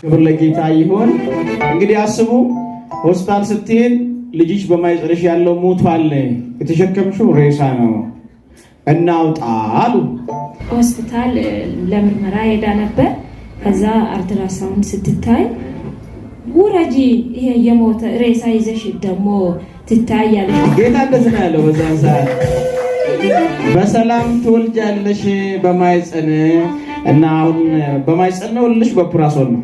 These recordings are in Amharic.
ክብር ለጌታ ይሁን። እንግዲህ አስቡ፣ ሆስፒታል ስትሄድ ልጅሽ በማይጽንሽ ያለው ሞቷል፣ የተሸከምሽው ሬሳ ነው እናውጣ አሉ። ሆስፒታል ለምርመራ ሄዳ ነበር። ከዛ አልትራሳውንድ ስትታይ ውረጂ፣ ይሄ የሞተ ሬሳ ይዘሽ ደግሞ ትታያለሽ። ጌታ እንደዚህ ነው ያለው በዛን ሰዓት በሰላም ትወልጃለሽ በማይፀን እና አሁን በማይፀን ነው በፕራሶን ነው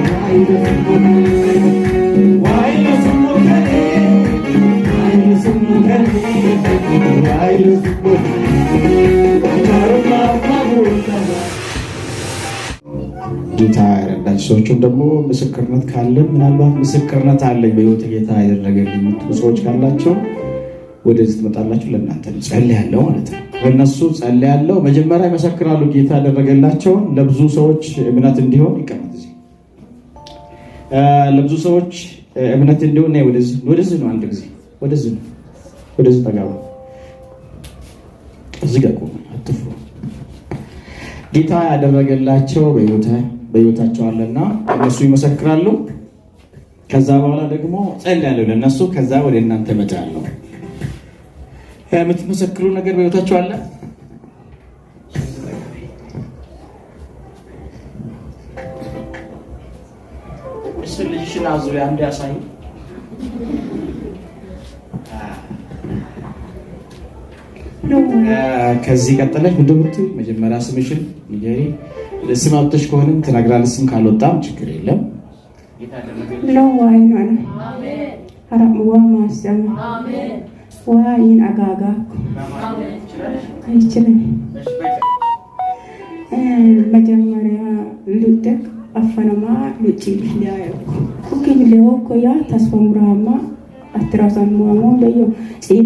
Thank you. ጌታ ያረዳኝ ሰዎችም ደግሞ ምስክርነት ካለ ምናልባት ምስክርነት አለኝ በሕይወት ጌታ ያደረገልኝ የምትሉ ሰዎች ካላቸው ወደዚህ ትመጣላችሁ። ለእናንተ ጸልያለሁ ማለት ነው። በእነሱ ጸልያለሁ። መጀመሪያ ይመሰክራሉ ጌታ ያደረገላቸውን ለብዙ ሰዎች እምነት እንዲሆን ይቀመጥ። እዚህ ለብዙ ሰዎች እምነት እንዲሆን ወደዚህ ነው። አንድ ጊዜ ወደዚህ ነው። ወደዚህ ተጋባ እዚህ ጋር ቆሙ፣ አትፍሩ። ጌታ ያደረገላቸው በሕይወታቸው አለና እነሱ ይመሰክራሉ። ከዛ በኋላ ደግሞ ጸልያለሁ ለእነሱ፣ ከዛ ወደ እናንተ እመጣለሁ። የምትመሰክሩ ነገር በሕይወታቸው አለ። ልጅሽን አዙሪያ አንድ ያሳይ ከዚህ ቀጠለች ምንድምት መጀመሪያ ስምሽን ንገሪ። ስም አውጥተሽ ከሆነ ትነግራለች። ስም ካልወጣም ችግር የለም። ዋይን አጋጋ አይችልም። መጀመሪያ ልደቅ አፈነማ ልጭ ኩኪን ሌወኮ ያ ተስፋ ሙራማ አትራሳን ሙሞ ለዮ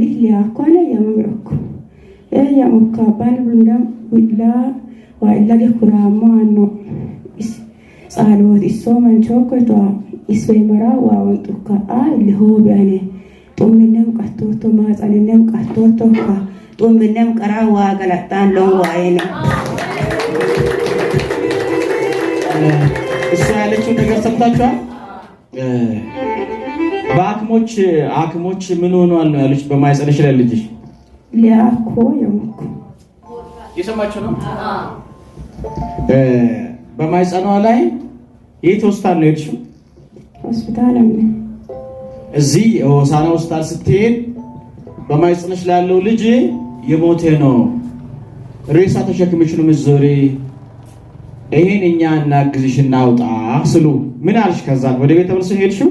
ሊያኮነ የመምረኩ Eeyya akka abbaan hundaa wiilaa waa illage kuraamoo aanno tsaaloot issoo manchookko itoo isbee maraa waa wantukka aa illi hoobi'ane xumminem qartootto maaxaninem qartootto ka xumminem qaraa waa galaxxaan loon waa'ene እሷ ያለችው ነገር ሰምታችኋል። በአክሞች አክሞች ምን ሆኗል ነው ያሉች በማይጸንሽ ላይ ልጅሽ ሊያኮ የሞኩ የሰማችሁ ነው። በማይጸኗ ላይ የት ሆስፒታል ነው የሄድሽው? ሆስፒታል እዚህ ሆሳና ሆስፒታል ስትሄድ በማይጸንሽ ላይ ያለው ልጅ የሞተ ነው። ሬሳ ተሸክመሽ ነው ምዞሪ ይሄን እኛ እናግዝሽ እናውጣ ስሉ ምን አልሽ? ከዛ ወደ ቤተ ክርስቲያን ሄድሽው?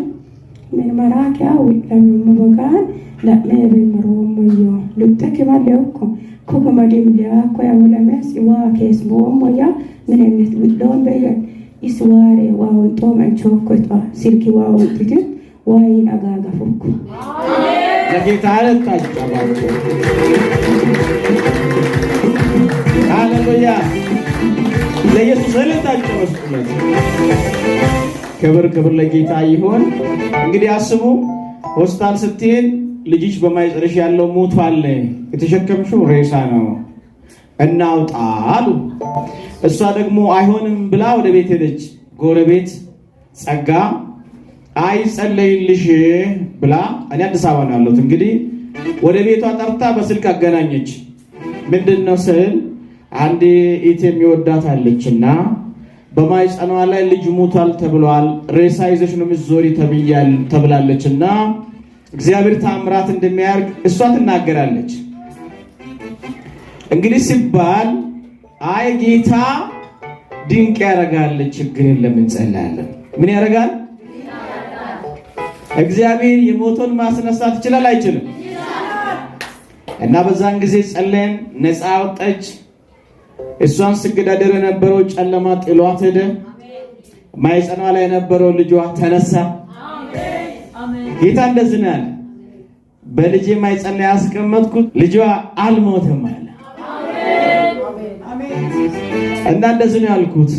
ምን መራቂያ ወይ ለምን La'nee beeknu ammayyaa lixxe kibalee koko madimlee akka yamulamee si waa keessumaa minennet guddoon beeyyan is waaree ta wanxooman chookkotaa silki waayin agaaga ክብር ክብር ለጌታ ይሆን። እንግዲህ አስቡ ሆስፒታል ስትሄድ ልጅሽ በማይጽርሽ ያለው ሞቷል፣ የተሸከምሽው ሬሳ ነው፣ እናውጣ አሉ። እሷ ደግሞ አይሆንም ብላ ወደ ቤት ሄደች። ጎረቤት ጸጋ አይጸለይልሽ ብላ እኔ አዲስ አበባ ነው ያለሁት። እንግዲህ ወደ ቤቷ ጠርታ በስልክ አገናኘች። ምንድን ነው ስል አንድ ኢት የሚወዳት አለች በማይጸኗ ላይ ልጅ ሞቷል ተብሏል፣ ሬሳ ይዘሽ ነው የምትዞሪ ተብላለች እግዚአብሔር ታምራት እንደሚያደርግ እሷ ትናገራለች። እንግዲህ ሲባል አይ ጌታ ድንቅ ያደርጋል፣ ችግር ለምን እንጸልያለን። ምን ያደርጋል? እግዚአብሔር የሞቶን ማስነሳት ይችላል አይችልም? እና በዛን ጊዜ ጸለየን፣ ነፃ ወጣች። እሷን ስገዳደር የነበረው ጨለማ ጥሏት ሄደ። ማይፀኗ ላይ የነበረው ልጇ ተነሳ። ጌታ እንደዚህ ነው ያለ፣ በልጄ ማይጸለይ ያስቀመጥኩት ልጇ አልሞተም አለ። እና እንደዚህ ነው ያልኩት፣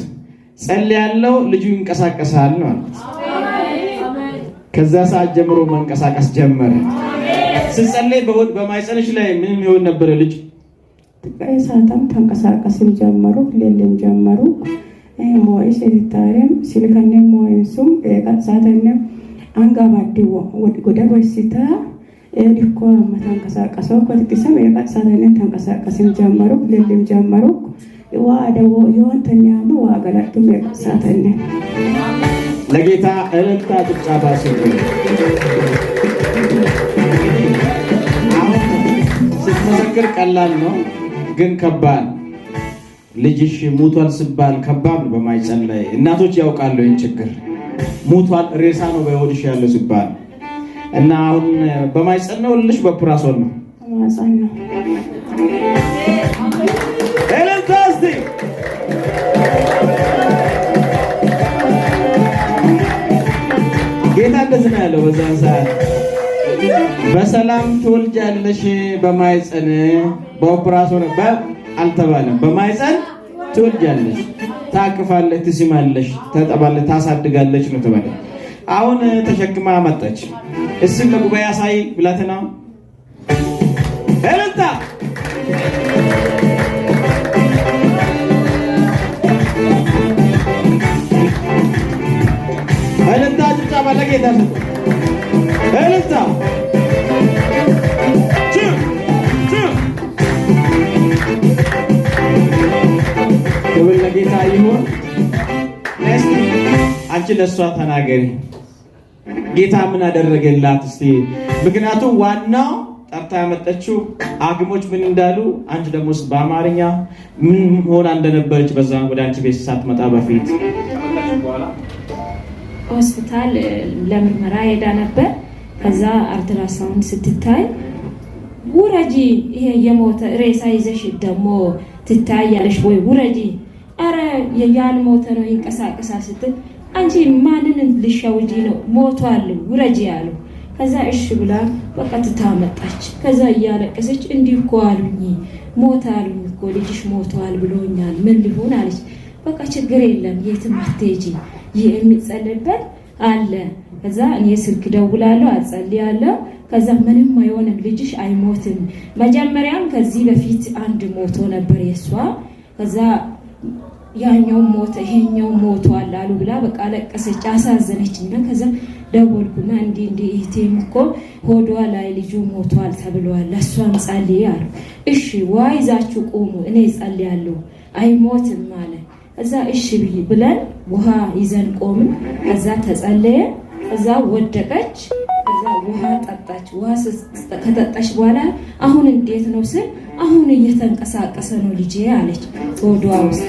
ጸል ያለው ልጁ ይንቀሳቀሳል ነው አልኩት። ከዛ ሰዓት ጀምሮ መንቀሳቀስ ጀመረ። ስጸለይ በሆድ በማይጸንሽ ላይ ምንም ይሆን ነበረ ልጅ ጥቃይ ሰዓትም ተንቀሳቀስን ጀመሩ ሌልን ጀመሩ ሞይስ የትታሪም ሲልከኔ ሞይሱም ቀሳተኔም አንጋባዴ ወደሮሲተ ኤድኮ ተንቀሳቀሰው ኮትቅሰም የቀሳተንን ተንቀሳቀስም ጀመሩ ልልም ጀመሩ ዋደዎ የወንተኛመ ዋገለጡም የቀሳተንን ለጌታ እልልታ ጭብጨባ ስትመሰክር ቀላል ነው፣ ግን ከባድ ልጅሽ ሙቷል ስባል ከባድ በማይጸለይ እናቶች ያውቃሉ ይህን ችግር ሙቷል። ሬሳ ነው በሆድሽ ያለ ሲባል እና አሁን በማይፀን ነው ልሽ በፕራሶን ነው ጌታ እንደዚህ ነው ያለው። በዛን ሰዓት በሰላም ትወልጃለሽ በማይፀን በኦፕራሶን አልተባለም በማይፀን ትወልጃለሽ፣ ታቅፋለች፣ ትስማለች፣ ተጠባለች፣ ታሳድጋለች ነው ተባለ። አሁን ተሸክማ መጣች። እስም ለጉባኤ አሳይ ብላትና እልልታ እልልታ ጭጫ ባለጌታ እልልታ ለጌታ ይሁን። እስቲ አንቺ ለእሷ ተናገሪ፣ ጌታ ምን አደረገላት እስቲ? ምክንያቱም ዋናው ጠርታ ያመጠችው አግሞች ምን እንዳሉ፣ አንቺ ደግሞ በአማርኛ ምን ሆና እንደነበረች በዛ ወደ አንቺ ቤት ሳትመጣ በፊት ሆስፒታል ለምርመራ ሄዳ ነበር። ከዛ አልትራሳውንድ ስትታይ ውረጂ፣ ይሄ የሞተ ሬሳ ይዘሽ ደግሞ ትታያለሽ ወይ ውረጂ ኧረ ያልሞተ ነው ይንቀሳቀሳል ስትል አንቺ ማንን ልሸውጂ ነው? ሞቷል ውረጂ ያለው። ከዛ እሺ ብላ በቀጥታ መጣች ከዛ እያለቀሰች እንዲህ እኮ አሉኝ ሞት እኮ ልጅሽ ሞቷል ብሎኛል፣ ምን ሊሆን አለች። በቃ ችግር የለም የትም አትሄጂ፣ ይህ የሚጸልበት አለ። ከዛ እኔ ስልክ ደውላለሁ፣ አጸልያለሁ። ከዛ ምንም አይሆንም፣ ልጅሽ አይሞትም። መጀመሪያም ከዚህ በፊት አንድ ሞቶ ነበር የእሷ ከዛ ያኛው ሞተ ይሄኛው ሞቷል አሉ ብላ በቃ ለቀሰች፣ አሳዘነች። እና ከዛ ደወልኩና እንዲ እንዲ እህቴም እኮ ሆዷ ላይ ልጁ ሞቷል ተብሏል፣ ለእሷም ጸልይ አሉ። እሺ ውሃ ይዛችሁ ቁሙ፣ እኔ ጸልያለሁ፣ አይሞትም አለ። እዛ እሺ ብለን ውሃ ይዘን ቆምን። ከዛ ተጸለየ። ከዛ ወደቀች። ከዛ ውሃ ጠጣች። ውሃ ከጠጣች በኋላ አሁን እንዴት ነው ስል አሁን እየተንቀሳቀሰ ነው ልጄ አለች ሆዷ ውስጥ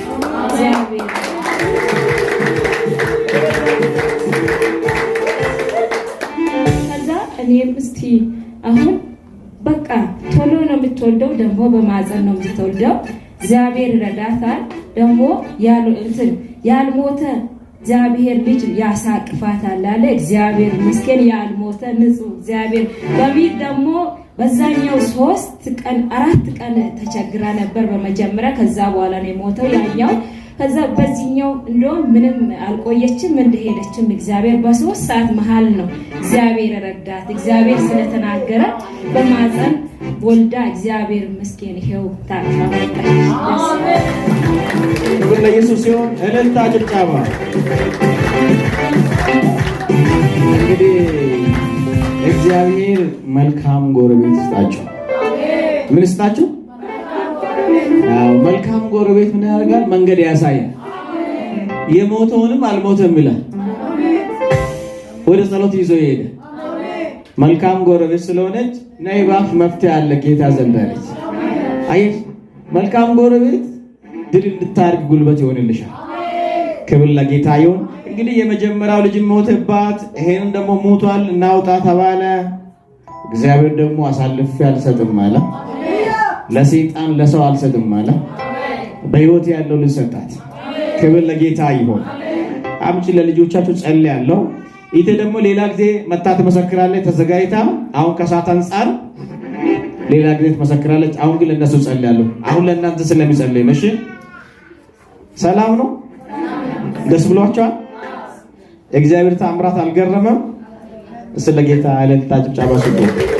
ከዛ እኔም እስቲ አሁን በቃ ቶሎ ነው የምትወልደው፣ ደግሞ በማዘን ነው የምትወልደው። እግዚአብሔር ይረዳታል። ደግሞ እንትን ያልሞተ እግዚአብሔር ልጅ ያሳቅፋታል አለ። እግዚአብሔር ምስኪን ያልሞተ ንጹሕ እግዚአብሔር በፊት ደግሞ በዛኛው ሶስት ቀን አራት ቀን ተቸግራ ነበር በመጀመሪያ። ከዛ በኋላ ነው የሞተው ያኛው ከዛ በዚህኛው እንደውም ምንም አልቆየችም እንደሄደችም እግዚአብሔር በሶስት ሰዓት መሀል ነው እግዚአብሔር ረዳት። እግዚአብሔር ስለተናገረ በማፀን ወልዳ እግዚአብሔር መስኪን ይሄው ታቅፋ ክብር ለኢየሱስ ሲሆን እልልታ ጭብጨባ። እንግዲህ እግዚአብሔር መልካም ጎረቤት ይስጣችሁ። ምን ይስጣችሁ? መልካም ጎረቤት ምን ያደርጋል? መንገድ ያሳያል። የሞተውንም አልሞተም ይላል። ወደ ጸሎት ይዞ ይሄደ። መልካም ጎረቤት ስለሆነች ነይ እባክሽ መፍትሄ አለ ጌታ ዘንድ አየሽ፣ መልካም ጎረቤት ድል እንድታርግ ጉልበት ይሆንልሻል። ክብር ለጌታ ይሁን። እንግዲህ የመጀመሪያው ልጅ ሞተባት፣ ይሄን ደግሞ ሞቷል እናውጣ ተባለ። እግዚአብሔር ደግሞ አሳልፌ አልሰጥም አለ። ለሰይጣን ለሰው አልሰጥም አለ። በህይወት ያለው ልሰጣት። ክብር ለጌታ ይሆን። አምጪ ጸል ጸልያለሁ። ኢቴ ደግሞ ሌላ ጊዜ መታ ትመሰክራለች፣ ተዘጋጅታ አሁን ከሰዓት አንጻር ሌላ ጊዜ ትመሰክራለች። አሁን ግን ለእነሱ ጸልያለሁ። አሁን ለእናንተ ስለሚጸልይ እሺ። ሰላም ነው። ደስ ብሏቸዋል። እግዚአብሔር ተአምራት አልገረመም። ስለ ጌታ ዕልልታ ጭብጨባ ስጡ።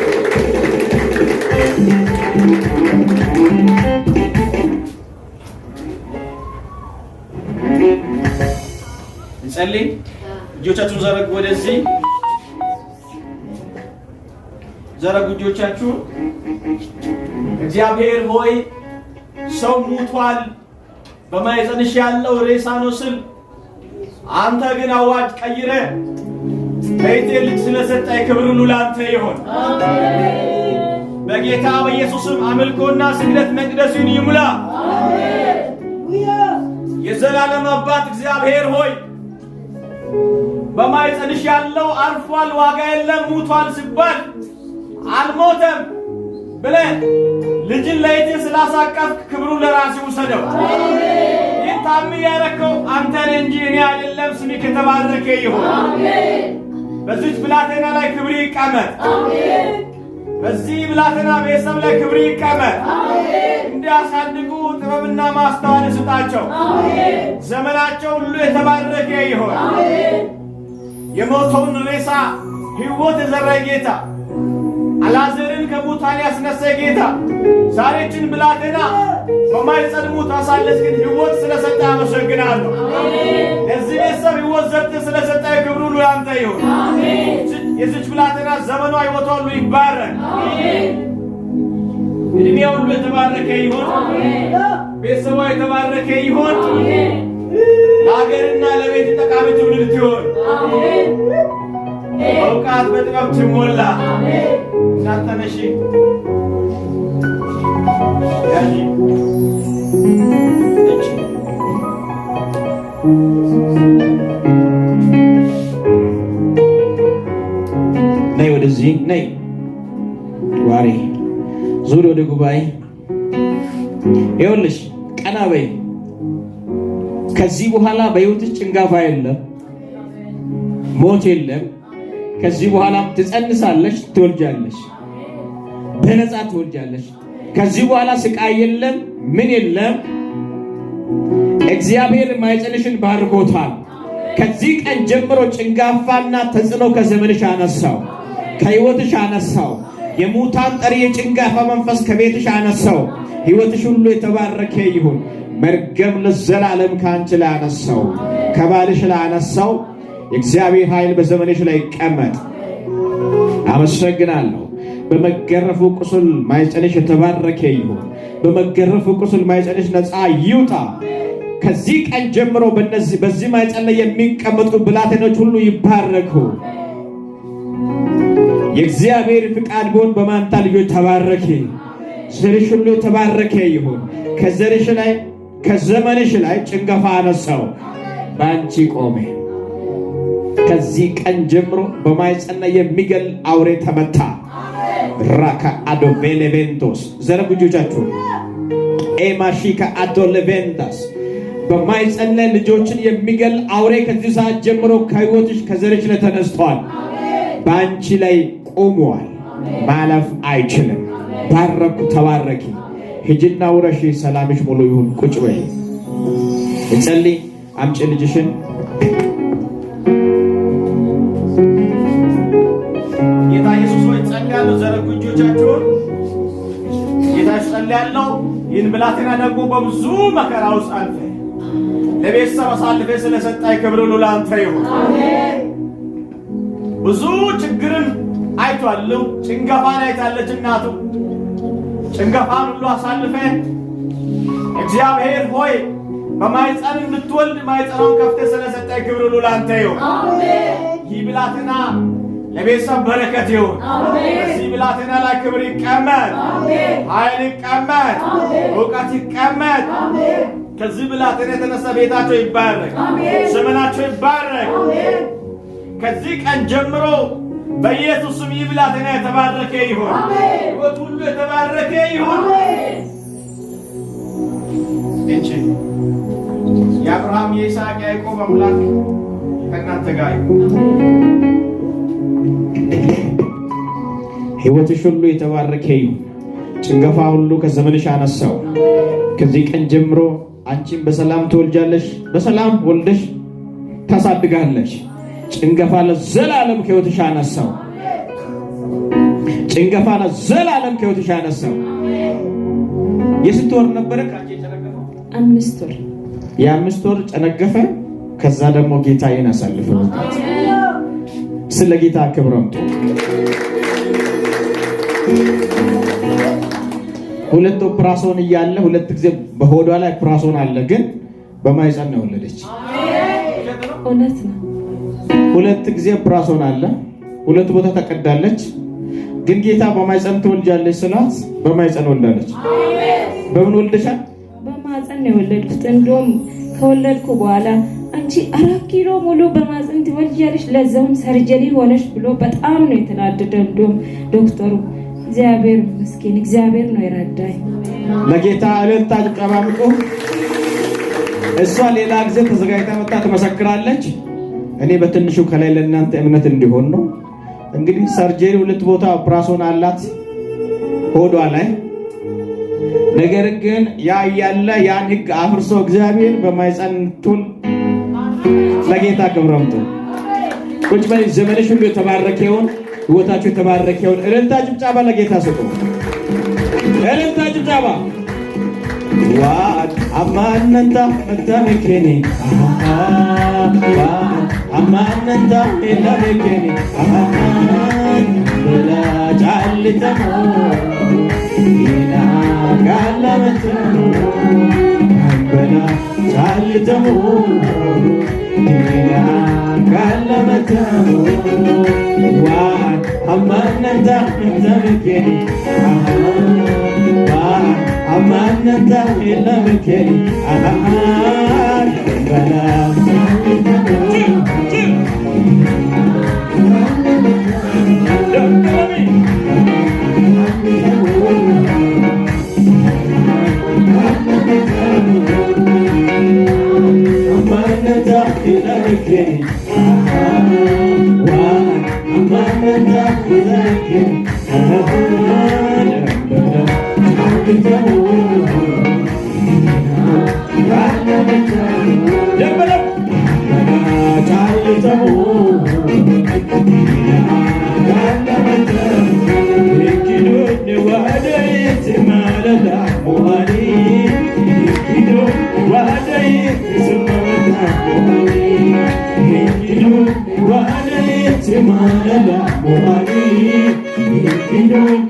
እንጸልይ። እጆቻችሁን ዘረጉ፣ ወደዚህ ዘረጉ እጆቻችሁ። እግዚአብሔር ሆይ ሰው ሙቷል፣ በማኅፀንሽ ያለው ሬሳ ነው ስል አንተ ግን አዋጅ ቀይረ በይቴ ልጅ ስለሰጠኝ ክብር ሁሉ ለአንተ ይሆን። በጌታ በኢየሱስም አምልኮና ስግደት መቅደሱን ይሙላ። የዘላለም አባት እግዚአብሔር ሆይ በማኅፀንሽ ያለው አርፏል፣ ዋጋ የለም፣ ሙቷል ሲባል አልሞተም ብለን ልጅን ለይቴ ስላሳቀፍክ ክብሩ ለራሲ ውሰደው። ይህ ታም ያረከው አንተ እንጂ እኔ አይደለም። ስምህ የተባረከ ይሁን። በዚች ብላቴና ላይ ክብር ይቀመጥ። በዚህ ብላቴና ቤተሰብ ላይ ክብር ይቀመጥ። እንዲያሳድጉ ጥበብና ማስተዋል ስጣቸው። ዘመናቸው ሁሉ የተባረከ ይሆን። የሞተውን ሬሳ ሕይወት የዘራ ጌታ፣ አልዓዛርን ከሙታን ያስነሳ ጌታ ዛሬችን ብላቴና በማይጸድሙት አሳለፍ ግን ሕይወት ስለሰጠ አመሰግናለሁ። ለዚህ ቤተሰብ ሕይወት ዘርት ስለሰጠ ክብሩ ሁሉ ያንተ ይሁን። የዚች ብላቴና ዘመኗ ሕይወቷ ሁሉ ይባረክ፣ እድሜያ ሁሉ የተባረከ ይሆን፣ ቤተሰቧ የተባረከ ይሆን፣ ለሀገርና ለቤት ጠቃሚ ትውልድ ትሆን፣ እውቀት በጥበብ ትሞላ ሳተነሽ Thank you. ነይ ዋሬ ዙሪ ወደ ጉባኤ ይኸውልሽ፣ ቀና በይ። ከዚህ በኋላ በሕይወትሽ ጭንጋፋ የለም፣ ሞት የለም። ከዚህ በኋላ ትጸንሳለሽ፣ ትወልጃለሽ፣ በነፃ ትወልጃለሽ። ከዚህ በኋላ ስቃይ የለም፣ ምን የለም። እግዚአብሔር ማይጸንሽን ባርኮታል። ከዚህ ቀን ጀምሮ ጭንጋፋና ተጽዕኖ ከዘመንሽ አነሳው። ከህይወትሽ አነሳው። የሙታን ጠሪ የጭንጋፋ መንፈስ ከቤትሽ አነሳው። ህይወትሽ ሁሉ የተባረከ ይሁን። መርገም ለዘላለም ከአንቺ ላይ አነሳው፣ ከባልሽ ላይ አነሳው። የእግዚአብሔር ኃይል በዘመንሽ ላይ ይቀመጥ። አመሰግናለሁ። በመገረፉ ቁስል ማይጨንሽ የተባረከ ይሁን። በመገረፉ ቁስል ማይጨንሽ ነፃ ይውጣ። ከዚህ ቀን ጀምሮ በዚህ ማይጨን ላይ የሚቀመጡ ብላቴኖች ሁሉ ይባረኩ። የእግዚአብሔር ፍቃድ ቢሆን በማንታ ልጆች ተባረኬ ዘርሽ ሁሉ ተባረከ ይሁን። ከዘርሽ ላይ ከዘመንሽ ላይ ጭንገፋ አነሳው በአንቺ ቆሜ። ከዚህ ቀን ጀምሮ በማይጸና የሚገል አውሬ ተመታ። ራካ አዶ ቤሌቬንቶስ ዘረጉ እጆቻችሁ ኤማሺካ አዶ ሌቬንታስ በማይጸነ ልጆችን የሚገል አውሬ ከዚህ ሰዓት ጀምሮ ከህይወትሽ ከዘርሽ ላይ ተነስተዋል በአንቺ ላይ ቆመዋል። ማለፍ አይችልም። ባረኩ፣ ተባረኪ። ሂጂና ውረሽ፣ ሰላምሽ ሙሉ ይሁን። ቁጭ በይ፣ እንጸልይ። አምጪ ልጅሽን ጌታ ኢየሱስ ሆይ ጸጋ ያለው ዘረጉ እጆቻችሁን። ጌታ ይስጠል ያለው ይህን ብላቴና ደግሞ በብዙ መከራ ውስጥ አልፈ ለቤተሰብ አሳልፌ ስለሰጣይ ክብር ሁሉ ለአንተ ይሁን። ብዙ ችግርን አይቷልው ጭንገፋን አይታለች እናቱ። ጭንገፋን ሁሉ አሳልፈ እግዚአብሔር ሆይ በማይፀን እንድትወልድ ማይጸኑን ከፍተ ስለሰጠ ክብር ሁሉ ላንተ ይሁን። ይህ ብላትና ለቤተሰብ በረከት ይሁን። በዚህ ብላትና ላይ ክብር ይቀመጥ፣ ኃይል ይቀመጥ፣ እውቀት ይቀመጥ። ከዚህ ብላትና የተነሳ ቤታቸው ይባረክ፣ ዘመናቸው ይባረክ። ከዚህ ቀን ጀምሮ በኢየሱስ ስም ይህ ብላቴና የተባረከ ይሁን። ሕይወት ሁሉ የተባረከ ይሁን። እንቺ የአብርሃም የይስሐቅ ያዕቆብ አምላክ ከእናንተ ጋር ይሁን። ሕይወትሽ ሁሉ የተባረከ ይሁን። ጭንገፋ ሁሉ ከዘመንሽ አነሳው። ከዚህ ቀን ጀምሮ አንቺም በሰላም ትወልጃለሽ፣ በሰላም ወልደሽ ታሳድጋለሽ። ጭንገፋ ለዘላለም ከሕይወትሽ አነሳው። ጭንገፋ ለዘላለም ከሕይወትሽ አነሳው። የስንት ወር ነበረ? አምስት ወር። የአምስት ወር ጨነገፈ። ከዛ ደግሞ ጌታ ይህን ስለ ጌታ ክብረም ሁለት ኦፕራሶን እያለ ሁለት ጊዜ በሆዷ ላይ ኦፕራሶን አለ፣ ግን በማይፀን ነው የወለደች። እውነት ነው። ሁለት ጊዜ ብራሶን አለ ሁለት ቦታ ተቀዳለች። ግን ጌታ በማይፀን ትወልጃለች ስላት በማይፀን ወልዳለች። በምን ወልደሻል? በማፀን ነው የወለድኩት። ከወለድኩ በኋላ አንቺ አራት ኪሎ ሙሉ በማፀን ትወልጃለሽ፣ ለዛውም ሰርጀሪ ሆነች ብሎ በጣም ነው የተናደደ። እንደውም ዶክተሩ እግዚአብሔር ይመስገን፣ እግዚአብሔር ነው የረዳኝ። ለጌታ እልልታ አቀማምጡ። እሷ ሌላ ጊዜ ተዘጋጅታ መጣ ትመሰክራለች። እኔ በትንሹ ከላይ ለእናንተ እምነት እንዲሆን ነው። እንግዲህ ሰርጀሪ ሁለት ቦታ ኦፕራሶን አላት ሆዷ ላይ ነገር ግን ያ እያለ ያን ህግ አፍርሶ እግዚአብሔር በማይጸንቱን ለጌታ ክብረምቱ ቁጭ በ ዘመንሽ ሁሉ የተባረከውን ህይወታችሁ የተባረከውን እልልታ ጭብጫባ ለጌታ ስጡ። እልልታ ጭብጫባ وعد عما ان انت انت مكرني وعد عما ان انت انت مكرني ولا اجعل تموت هناك علمت ربنا اجعل تموت هناك علمت وعد ማነካ ለምኬ አሃ በላ 終わり生き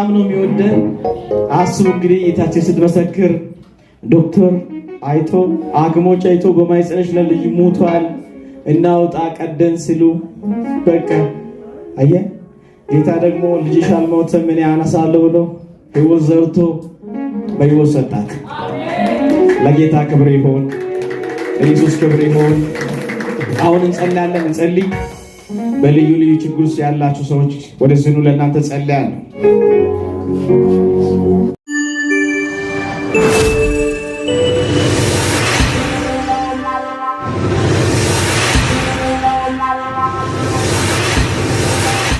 በጣም ነው የሚወደ። አስቡ እንግዲህ ጌታችን ስትመሰክር ዶክተር አይቶ አግሞች አይቶ በማይጸነሽ ለልጅ ሙቷል እናውጣ ቀደን ሲሉ በቃ አየ ጌታ ደግሞ ልጅሽ አልሞተም እኔ አነሳለሁ ብሎ ህይወት ዘርቶ በህይወት ሰጣት። ለጌታ ክብር ይሆን፣ ለኢየሱስ ክብር ይሆን። አሁን እንጸልያለን፣ እንጸልይ በልዩ ልዩ ችግር ውስጥ ያላችሁ ሰዎች ወደ ዝኑ ለእናንተ ጸልያለሁ።